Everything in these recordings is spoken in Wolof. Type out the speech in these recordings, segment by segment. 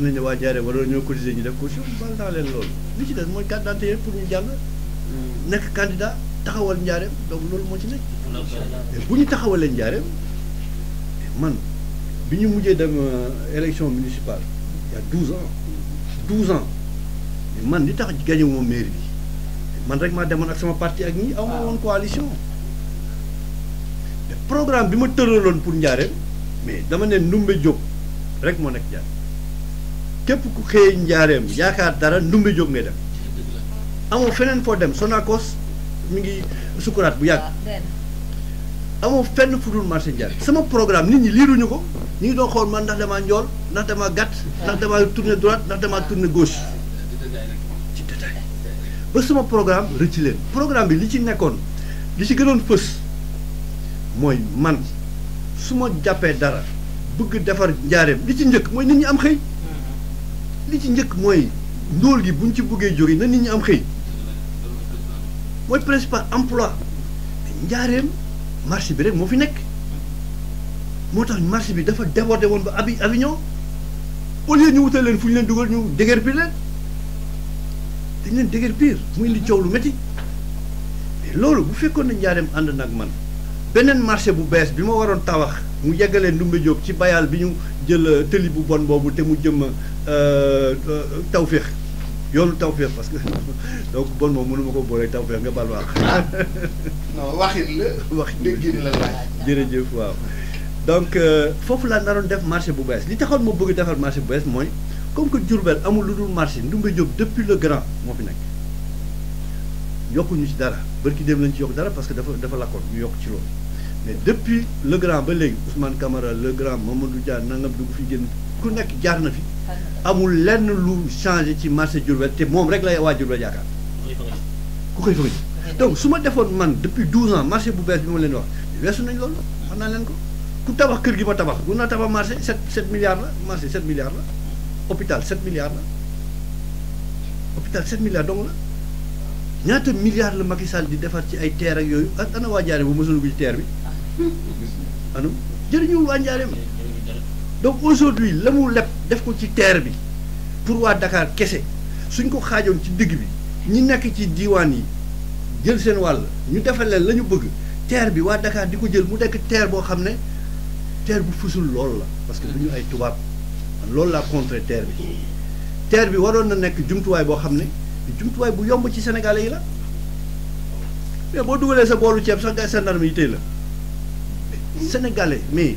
xam nañ ne waa jaaree waroon ñoo cotiser ñu def ko suuf baal naa leen loolu li ci des mooy carte d'identité pour ñu jàll hmm. nekk candidat taxawal njaareem donc loolu moo ci nekk bu ñu taxawalee njaareem man bi ñu mujjee dem euh, élection municipale il y a douze ans douze ans man li tax gagné wu man rek maa demoon ak sama partie ak ñi aw ma woon coalition programme bi ma tëraloon pour njaareem mais dama ne Ndumbe jóg rek moo nekk njaareem képp ku xëy njaareem yaakaar dara ndumbi jóg ngay dem amoo feneen foo dem Sonacos mu ngi sukkuraat bu yàgg amoo fenn fu dul marché sama programme nit ñi liiruñu ko ñu ngi doon xool man ndax damaa njool ndax damaa gàtt ndax damaa tourné droite ndax damaa tourné gauche ci ba sama programme rëcc leen programme bi li ci nekkoon li ci gënoon fës mooy man su ma jàppee dara bëgg defar njaareem li ci njëkk mooy nit ñi am xëy li ci njëkk mooy ndóol gi buñ ci bëggee jóge na nit ñi am xëy mooy principal emploi njaareem marché bi rek moo fi nekk moo tax marché bi dafa débordé woon ba abi Avignon au lieu ñu wutal leen fu ñu leen dugal ñu déguerpir leen dañ leen déguerpir mu indi coow lu métti mais loolu bu fekkoon na njaareem ànd nag man beneen marché bu bees bi ma waroon tabax mu yeggalee Ndumbe Diop ci bayal bi ñu jël tëli bu bon boobu te mu jëm Euh, euh, tawféex yoonu tawféex parce que donc bon moom mënuma ma ko boole tawféex nga baal ma ah non waxin la. wax déggin la laaj. jërëjëf waaw donc euh, foofu laa naroon def marché bu bees li taxoon ma bëgg defar marché bu bees mooy comme que Diourbel amul lu dul marché Ndoumbé Diop depuis le grand moo fi nekk yokkuñu ci dara bërki dem lañ ci yokk dara parce que dafa dafa lakkoon ñu yokk ci loolu mais depuis le grand ba léegi Ousmane Camara le grand Mamadou Dia nangam dugg fi génn. ku nekk jaar na fi amul lenn lu changé ci marché Diourbel te moom rek la waa Diourbel yaakaar ku koy fëgg donc su ma defoon man depuis 12 ans marché bu bees bi ma leen wax weesu nañ loolu wax naa leen ko ku tabax kër gi ma tabax gu naa tabax marché 7 7 milliards la marché 7 milliards la hôpital 7 milliards la hôpital 7 milliards dong la ñaata milliards la Macky di defar ci ay terre ak yooyu ana waa Njaareem bu mësul gu ci terre bi anam jëriñul waa Njaareem donc aujourd'hui la mu def ko ci terre bi pour Dakar kese suñ ko xaajoon ci digg bi ñi nekk ci diiwaan yi jël seen ñu defal leen la bëgg terre bi wa Dakar diko jël mu La terre bo xamné terre bu fusul lool la parce que du ay lool la contre terre bi terre bi waroon na nekk bo xamné bu yomb ci sénégalais la mais bo sa la sénégalais mais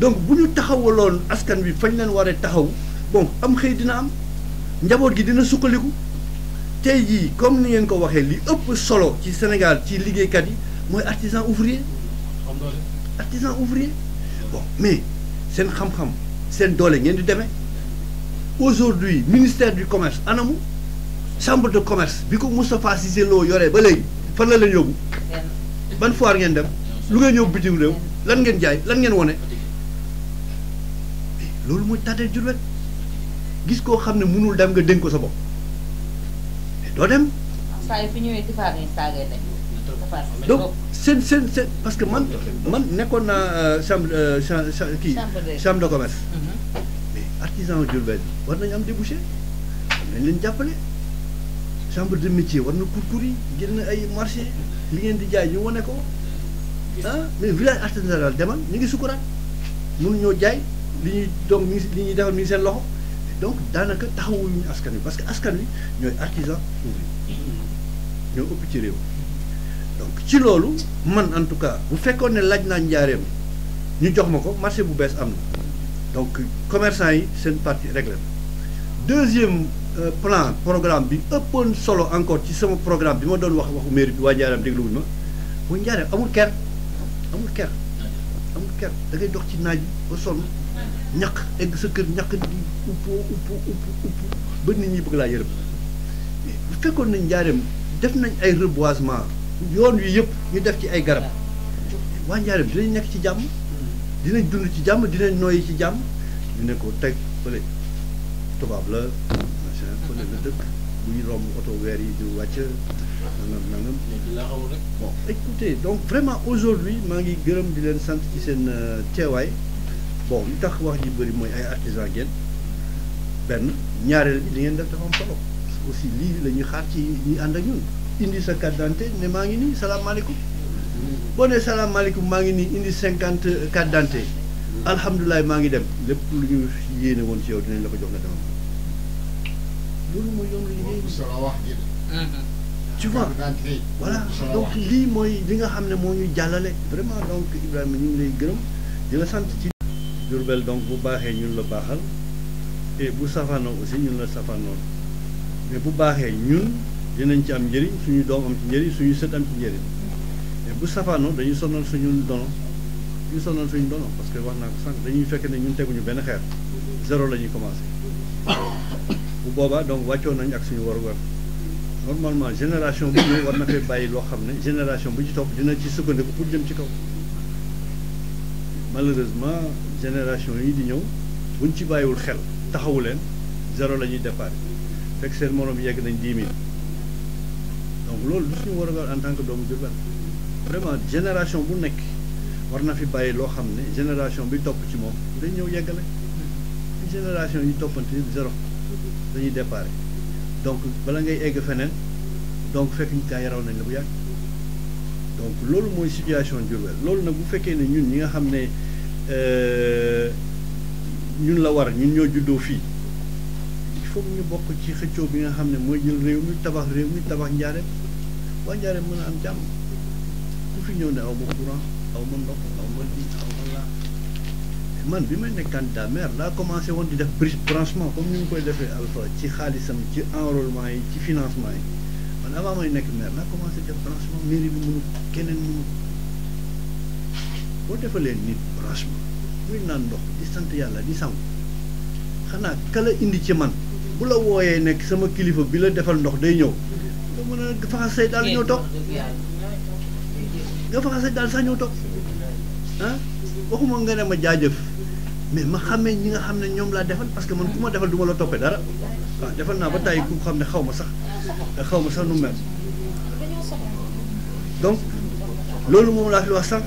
donc bu ñu taxawaloon askan wi fañ leen waree taxaw bon am xëy dina am njaboot gi dina sukkaliku tey jii comme ni ngeen ko waxee li ëpp solo ci Sénégal ci liggéeykat yi mooy artisan ouvrier artisan ouvrier bon mais seen xam-xam seen doole ngeen di demee aujourd'hui ministère du commerce anamu chambre de commerce bi ko Moustapha Cissé Lo yoree ba léegi fan la leen yóbbu ban foire ngeen dem lu ngeen yóbbu bitim réew lan ngeen jaay lan ngeen wone loolu mooy tàddeel Diourbel gis koo xam ne mënul dem nga dénk ko sa bopp doo dem. saa yu fi ñëwee donc seen seen seen parce man man nekkoon naa euh, chambre euh, chambre kii chambre de commerce. Mhm. mais artisan Diourbel war nañu am débouché nañ leen jàppale chambre de métier war na kurkur yi génn ay marché li ngeen di jaay ñu wane ko ah mais village artisanal demal ñu ngi sukuraat ñoo jaay. donc dans loxo donc parce que askan wi artisan donc ci man en tout cas vous faites connaître laaj ñu jox marché bu donc commerçant c'est une partie règle. deuxième euh, plan programme bi solo encore ci sama programme bi ma doon wax waxu mairie bi ma bu amul ñaq egg sa kër ñaq di upp upp upp upp nit ñi bëgg laa yërëm bu fekkoon nañ njaareem def nañ ay reboisement yoon wi yëpp ñu def ci ay garab waa njaareem dinañ nekk ci jàmm dinañ dund ci jàmm dinañ noy ci jàmm ñu ne ko teg fële tobaab la machin fële la dëkk buy romb oto weer yi di wàcc nangam nangam bon écoutez donc vraiment aujourd'hui maa ngi gërëm di leen sant ci seen euh, teewaay bon lu tax wax ji bëri mooy ay artisan ngeen benn ñaareel li ngeen def dafa am solo aussi lii la ñuy xaar ci ñi ànd ak ñun indi sa carte d'identité ne maa ngi nii salaamaaleykum boo nee salaamaaleykum maa ngi nii indi cinquante carte d'identité alhamdulilah maa ngi dem lépp lu ñu yéene woon ci yow dinañ la ko jox nga demam loolu mooy yoon la liggéey mm-hmm. tu vois donc lii mooy li nga xam ne moo ñu jàllale vraiment donc Ibrahima ñu lay gërëm di sant ci durbel donc bu baaxee ñun la et vous ne aussi ñun la mais bu baaxee ñun dinañ ci am njëriñ suñu doom am ci njëriñ suñu sët am ci bu dañuy sonal suñu Vous parce que wax naa dañuy fekk ne ñun benn zéro la commencé bu boobaa donc nañ ak suñu génération bu ñëw na ne génération bu ci topp dina ci pour jëm malheureusement génération yi di ñëw buñ ci bàyyiwul xel taxawu leen zéro la ñuy départ fekk seen morom yegg nañ dix mille donc loolu lu suñu war a en tant que doomu Diourbel vraiment génération bu nekk war na fi bàyyi loo xam ne génération bi topp ci moom dañ ñëw yeggale génération yi toppante zéro dañuy départ donc bala ngay egg feneen donc fekk ñu kaa yaraw nañ la bu yàgg donc loolu mooy situation Diourbel loolu nag bu fekkee ne ñun ñi nga xam ne Euh, ñun la war ñun ñoo juddoo fii il ñu bokk ci xëccoo bi nga xam ne mooy jël réew mi tabax réew mi tabax njaareem waa njaareem mën a am jàmm ku fi ñëw ne aw ma courant aw ma ndox aw ma lii aw ma laa man bi may nekk candidat maire laa commencé woon di def branchement comme ni ñu koy defee alpha ci xaalisam ci enrôlement yi ci financement yi man avant may nekk maire laa commencé def branchement mairie bi mënu keneen mënu boo defalee nit branchement muy naan ndox di sant yàlla di sangu xanaa kala indi ci man bu la wooyee nekk sama kilifa bi la defal ndox day ñëw nga mën a faxas say daal ñëw toog nga daal sax ñëw toog ah waxuma nga ne a jaajëf mais ma xamee ñi nga xam ne ñoom laa defal parce que man ku ma defal du ma la toppee dara waaw defal naa ba tàyyi ku xam ne xaw ma sax te xaw ma sax nu mel donc loolu moom laa fi wax sànq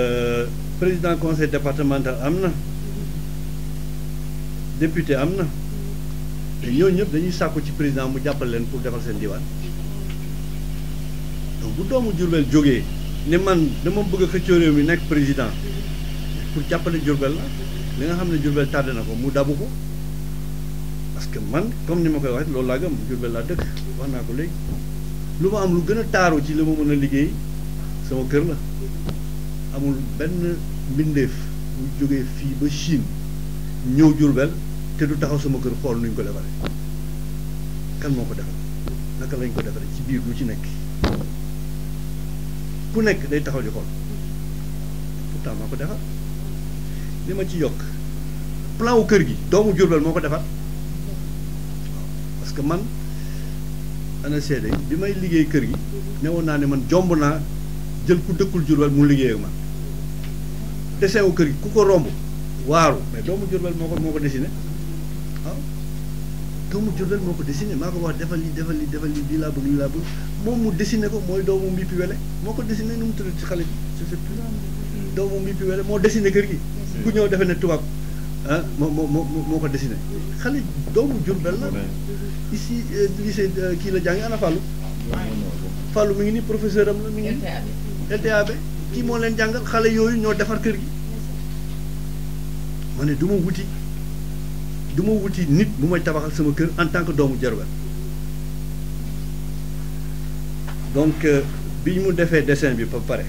président conseil départemental am na député am na te ñooñu ñëpp dañuy sàkku ci président mu jàppale leen pour defal seen diwaan bu doomu Jurbel jógee ne man dama bëgg a xëccoo réew mi nekk président pour jàppale Jurbel la li nga xam ne Jurbel tardé na ko mu dabu ko parce que man comme ni ma koy waxee loolu laa gëm Jurbel laa dëkk wax naa ko léegi lu ma am lu gën a taaru ci li ma mën a liggéey sama kër la amul benn mbindeef bu jógee fii ba Chine ñëw Jurbel te du taxaw sama kër xool nuñ ko defaree kan moo ko defar naka lañ ko defare ci biir lu ci nekk ku nekk day taxaw di xool pourtant moo ko defar li ma ci yokk plan kër gi doomu Jurbel moo ko defar parce que man ANACIM bi may liggéey kër gi newoon naa ne man jomb naa jël ku dëkkul Jurbel mu liggéey ak man. dessin wu kër gi ku ko romb waaru mais doomu Jurbel moo ko moo ko dessiné waaw ah. doomu moo ko dessiné maa ko wax defal yi defal li defal li lii laa bëgg lii laa bëgg moom mu dessiné ko mooy doomu Mbipi Wele moo ko dessiné nu mu tudd ci xale bi je sais plus doomu Mbipi Wele moo dessiné kër gi ku ñëw defe ne tubaab ah moo moo moo moo ko dessiné xale doomu Jurbel la ici euh, lycée euh, kii la jàngi ana Fallou Fallou mi ngi ni professeur am la mi ngi LTAB kii moo leen jàngal xale yooyu ñoo defar kër gi ma ne du ma wuti du ma wuti nit bu may tabaxal sama kër en tant que doomu Diourbel donc euh, bi mu defee dessin bi ba pare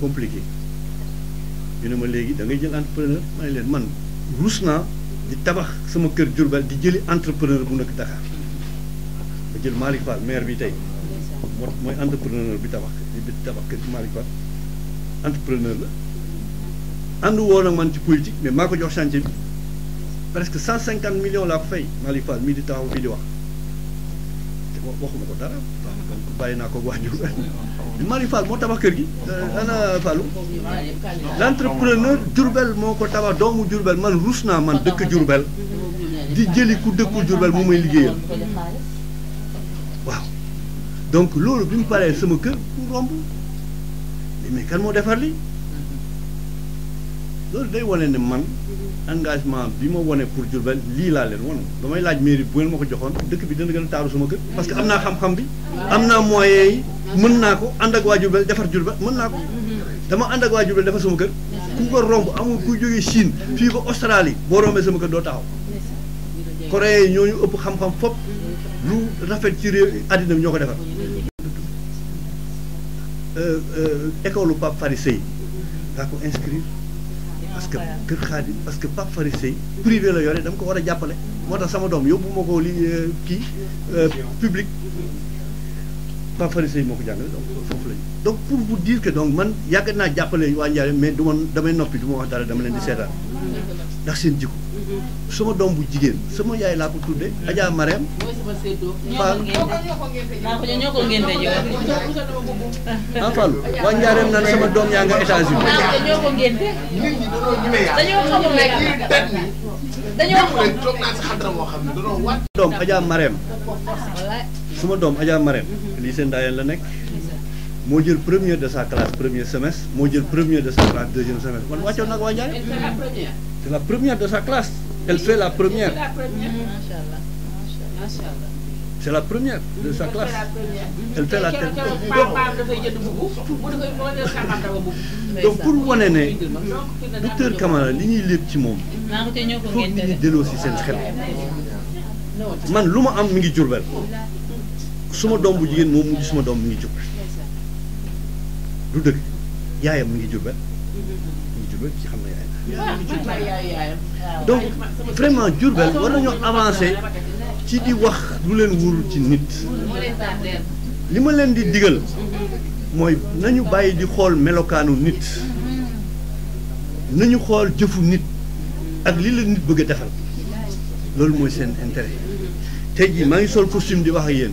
compliqué ñu ne ma léegi da ngay jël entrepreneur ma leen man ruus naa di tabax sama kër Diourbel di jëli entrepreneur bu nekk Dakar ma jël Malick maire bi tey moo mooy entrepreneur bi tabax bi tabax kër gi Malick Ba entrepreneur la ànd woon ak man ci politique mais maa ko jox chantier bi presque cent cinquante millions laa ko fay Malick Fall mii di taxaw fii di wax te waxuma ko dara donc bàyyi naa ko waajur Malick Fall moo tabax kër gi euh, ana Fallou l' entrepreneur Diourbel moo ko tabax doomu Diourbel man ruus naa man dëkk Diourbel di jëli ku dëkkul Diourbel mu may liggéeyal donc loolu bi mu paree sama kër mu romb mais kan moo defar lii mm-hmm. loolu day wane ne man mm-hmm. engagement bi ma wane pour Diourbel lii laa leen wane damay laaj mairie bu ngeen ma ko joxoon dëkk bi dana gën a taaru sama kër parce que am naa xam-xam bi mm-hmm. am naa moyens mën naa ko ànd ak waa Diourbel defar Diourbel mën naa ko dama ànd ak waa Diourbel defar sama kër ku ko romb amul ku jógee Chine fii ba Australie boo rombee sama kër doo taxaw Corée ñooñu ëpp xam-xam lu rafet ci réew àddina bi ñoo ko defar Euh, euh, école Pape Fary Seye daa ko inscrire parce que kër Xaadim parce que Pape Fary Seye privé la yore dama ko war a jàppale moo tax sama doom yóbbu ma ko li euh, kii public Pape Fary Seye moo ko jàngale donc foofu lañu donc pour vous dire que donc man yàgg naa jàppale waa Ndiarème mais du ma damay noppi du ma wax dara dama leen di seetaan ndax seen jikko suma doom bu jigéen sama yaay laa ko tudde Adja Marème. mooy sama séddoo. doom yaa nga moo xam ne dañoo wàcc. doom Adja Marème. lii seen daayeen la nekk. moo jël premier de sa classe premier semestre moo jël premier de sa classe deuxième semestre man wàccoon nag waa C'est la première de sa classe. Elle fait la première. C'est la première C'est la première de sa classe. Elle fait la première. donc pour wane ne docteur Camara li ñuy lépp ci moom foog nit ñi delloo si seen man luma am mi ngi Jurbel suma doom bu jigéen moom mujj suma doom mi ngi Jurbel du deug. yaayam mi ngi Jurbel mi ngi Jurbel ci xam na yaayam donc vraiment Diourbel war nañoo avancer ci di wax lu leen wuur ci nit li ma leen di digal mooy nañu bàyyi di xool melokaanu nit nañu xool jëfu nit ak li la nit bëgg a defal loolu mooy seen intérêt te jii maa ngi sol costume di wax ak yéen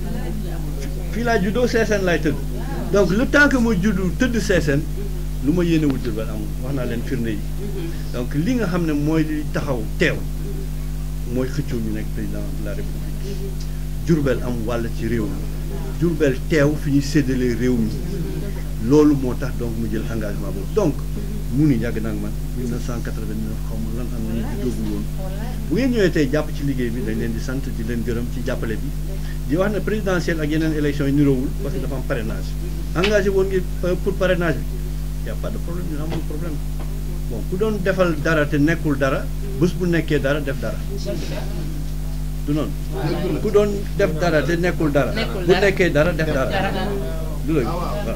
fii laa juddoo seeseen laay tëdd donc lu temps que ma juddu tëdd seeseen lu ma yéene wut Diourbel wax naa leen firnde yi donc li nga xam ne mooy li taxaw teew mooy xëccoo ñu nekk président la république Diourbel am wàll ci réew mi Diourbel teew fi ñuy séddalee réew mi loolu moo tax donc mu jël engagement boobu donc mu ni yàgg naag man 1989 xaw ma lan am nañu juddoogul woon bu ngeen ñëwee tey jàpp ci liggéey bi dañ leen di sant di leen gërëm ci jàppale bi di wax ne présidentielle ak yeneen élection yi niroowul parce que dafa am parrainage engagé woon ngi euh, pour parrainage bi y a pas de problème dina ku doon defal dara te nekkul dara bés bu nekkee dara def dara du noonu ku doon def dara te nekkul dara bu nekkee dara def dara du léegi voilà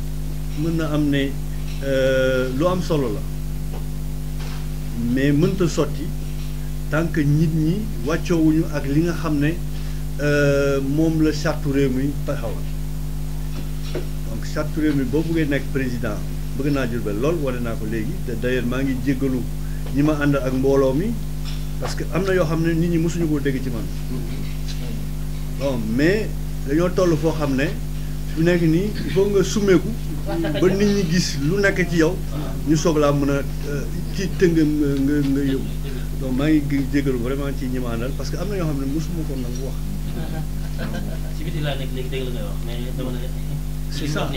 mën na am ne euh, lu am solo la mais mënta sotti tant que nit ñi wàccoowuñu ak li nga xam ne euh, moom la charte réew mi taxawal donc charte réew mi boo buggee nekk président bëgg naa Diourbel lool wane naa ko léegi te d'ailleurs maa ngi jéggalu ñi ma ànd ak mbooloo mi parce que am na yoo xam ne nit ñi mësuñu koo dégg ci man mm-hmm. bon mais dañoo toll foo xam ne ñu nekk nii il nga summeeku ba nit ñi gis lu nekk ci yow ñu soog laa mën a euh, ci tënk nga nga nga yóbbu donc maa ngi jégalu vraiment ci ñi ma àndal parce que am na ñoo xam ne mosuma ko nangu wax. ci biti laa nekk léegi wax c'est ça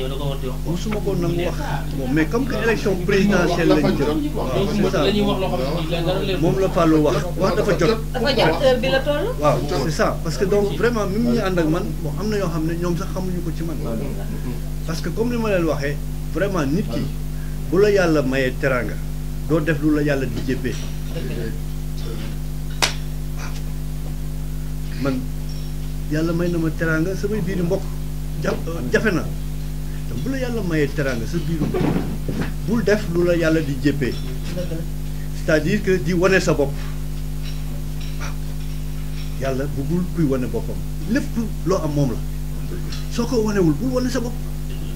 musuma ko nangu wax bon mais comme que élection présidentielle lañ jël moom la Fallou wax wax dafa jot euh, waaw c'est ça parce que donc vraiment même ñu ànd ak man bon am na yoo xam ne ñoom sax xamuñu ko ci man parce que comme li ma leen waxee vraiment nit ki bu la yàlla mayee teraanga doo def lu la yàlla di jéppee waaw man yàlla may na ma teraanga samay biir mbokk ja jafe na bu la yàlla mayee teraanga sa biiru bul def lu la yàlla di jéppee c'est-à-dire que di wane sa bopp waaw yàlla buggul kuy wane boppam lépp loo am moom la soo ko wanewul bul wane sa bopp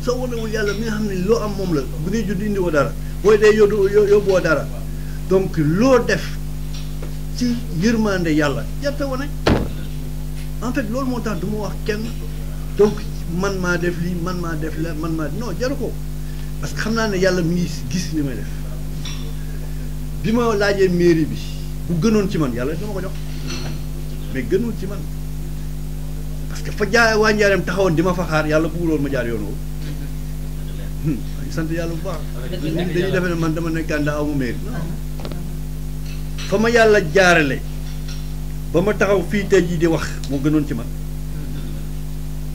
soo wanewul yàlla mi nga xam ne loo am moom la bu ngay judd indi woo dara booy dee yóbbu yóbbuwoo dara donc loo def ci yërmande yàlla jarta wane en fait loolu moo tax du ma wax kenn donc man maa def lii man maa def la man maa non jaru ko parce que xam naa ne yàlla mi ngi gis li may def bi ma laajee mairie bi bu gënoon ci man yàlla dama ko jox mais gënul ci man parce que fa jaar waa Njaareem taxawoon di ma fa xaar yàlla bëgguloon ma jaar yoon woowu hmm, sant yàlla bu baax ñun dañuy defee ne man dama nekkaan daa amu mairie fa ma yàlla jaarale ba ma taxaw fii tey jii di wax moo gënoon ci man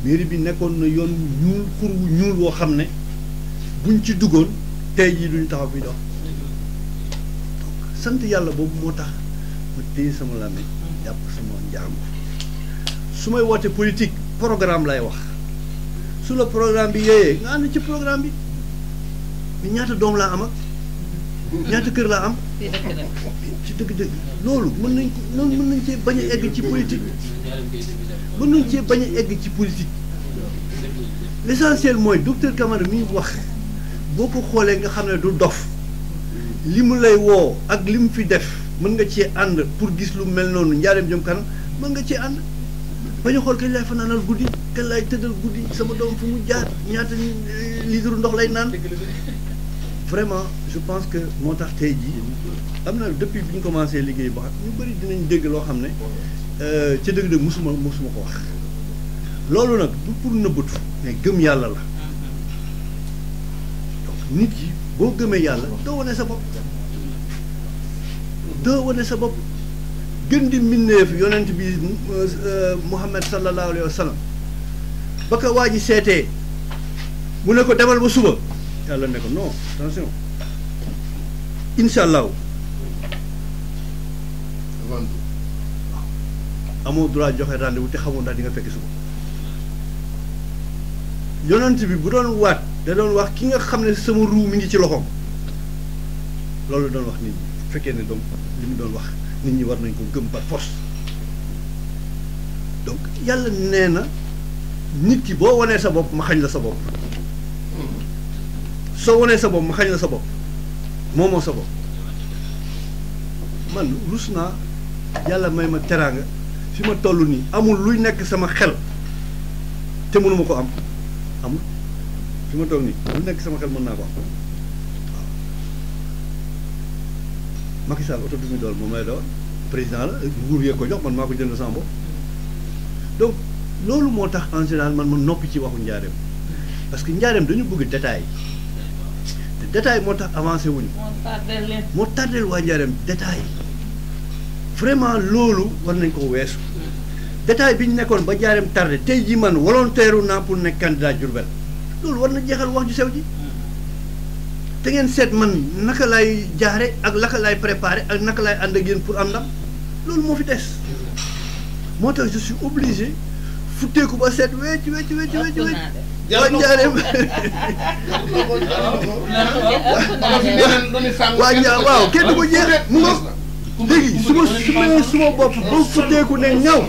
mairie bi nekkoon na yoon ñuul xur wu ñuul woo xam ne buñ ci duggoon tey jii duñu taxaw bi dox sant yàlla boobu moo tax ma téye sama làmmiñ jàpp sama njaamu su may woote politique programme lay wax su la programme bi yéeyee nga ànd ci programme bi mais ñaata doom laa am ñaata kër laa am ci dëgg-dëgg loolu mën nañ ko mën nañ cee bañ a egg ci politique mën nañ cee bañ a egg ci politique l' mooy docteur Camara mi wax boo ko xoolee nga xam ne du dof li mu lay woo ak li mu fi def mën nga cee ànd pour gis lu mel noonu njaareem jëm kanam mën nga cee ànd bañ xool kañ laay fanaanal guddi kañ laay tëddal guddi sama doom fu mu jaar ñaata eh, litre ndox lay naan vraiment je pense que moo tax tey jii am na depuis bi ñu commencé liggéey ba ñu bari dinañ dégg loo xam ne Euh, ca dëgg-dëgg mosuma mosuma ko wax loolu nag du pour nëbbatu mais gëm yàlla la nit ki boo gëmee yàlla doo wane sa bopp doo wane sa bopp gën di mbindeef yonent bi euh, euh, Muhammad sallallahu alayhi wa sallam ba ko waa ji seetee mu ne ko demal ba suba yàlla ne ko non attention incha amoo droit joxe rendez-vous te xamoo ndax di nga fekk suba yonent bi bu doon waat da doon wax ki nga xam ne sama ruu mi ngi ci loxoom loolu doon wax nit ñi fekkee ne donc li mu doon wax nit ñi war nañ ko gëm par force donc yàlla nee na nit ki boo wanee sa bopp ma xañ la sa bopp soo wanee sa bopp ma xañ la sa bopp moomoo sa bopp man rus naa yàlla may ma teraanga fi ma toll nii amul luy nekk sama xel te mënu ko am amul fi ma toll nii lu nekk sama xel mën naa ko am waaw oto bi mu doon moom lay doon président la nguur yee ko jox man maa ko jënd sama donc loolu moo tax en général man ma noppi ci waxu njaareem parce que njaareem dañu bëgg détail te détail moo tax avancé wuñu moo tardeel waa njaareem détail vraiment loolu war nañ ko weesu détail bi ñu nekkoon ba jaareem tardé tey jii man volontaire naa pour nekk candidat Diourbel loolu war na jeexal wax ju sew ji te ngeen seet man naka laay jaare ak naka laay préparé ak naka laay ànd ak yéen pour am ndam loolu moo fi des moo tax je suis futteeku ba seet wecc wecc wecc wecc wecc waa njaareem waaw kenn du jeex mu nga léegi su ma suma bopp ba futteeku ne ñaw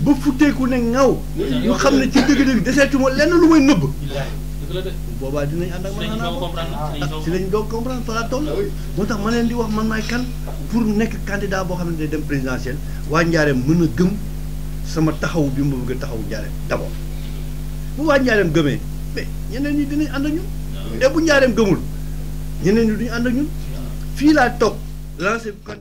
ba futteeku ne ñaw ñu xam ne ci dëgg-dëgg deseetuma lenn lu may nëbb boobaa dinañ ànd ak man naa si ah, lañ doog comprendre fa tax ma leen di man maay kan pour nekk candidat boo xam ne day dem présidentiel waa Njaareem mën a gëm sama taxaw bi ma bëgg a taxaw Njaareem d'abord bu waa Njaareem gëmee mais ñeneen ñi dinañ ànd ak ñun te ah Njaareem gëmul ñeneen ñi duñu ànd ak ñun fii laa toog Là, c'est...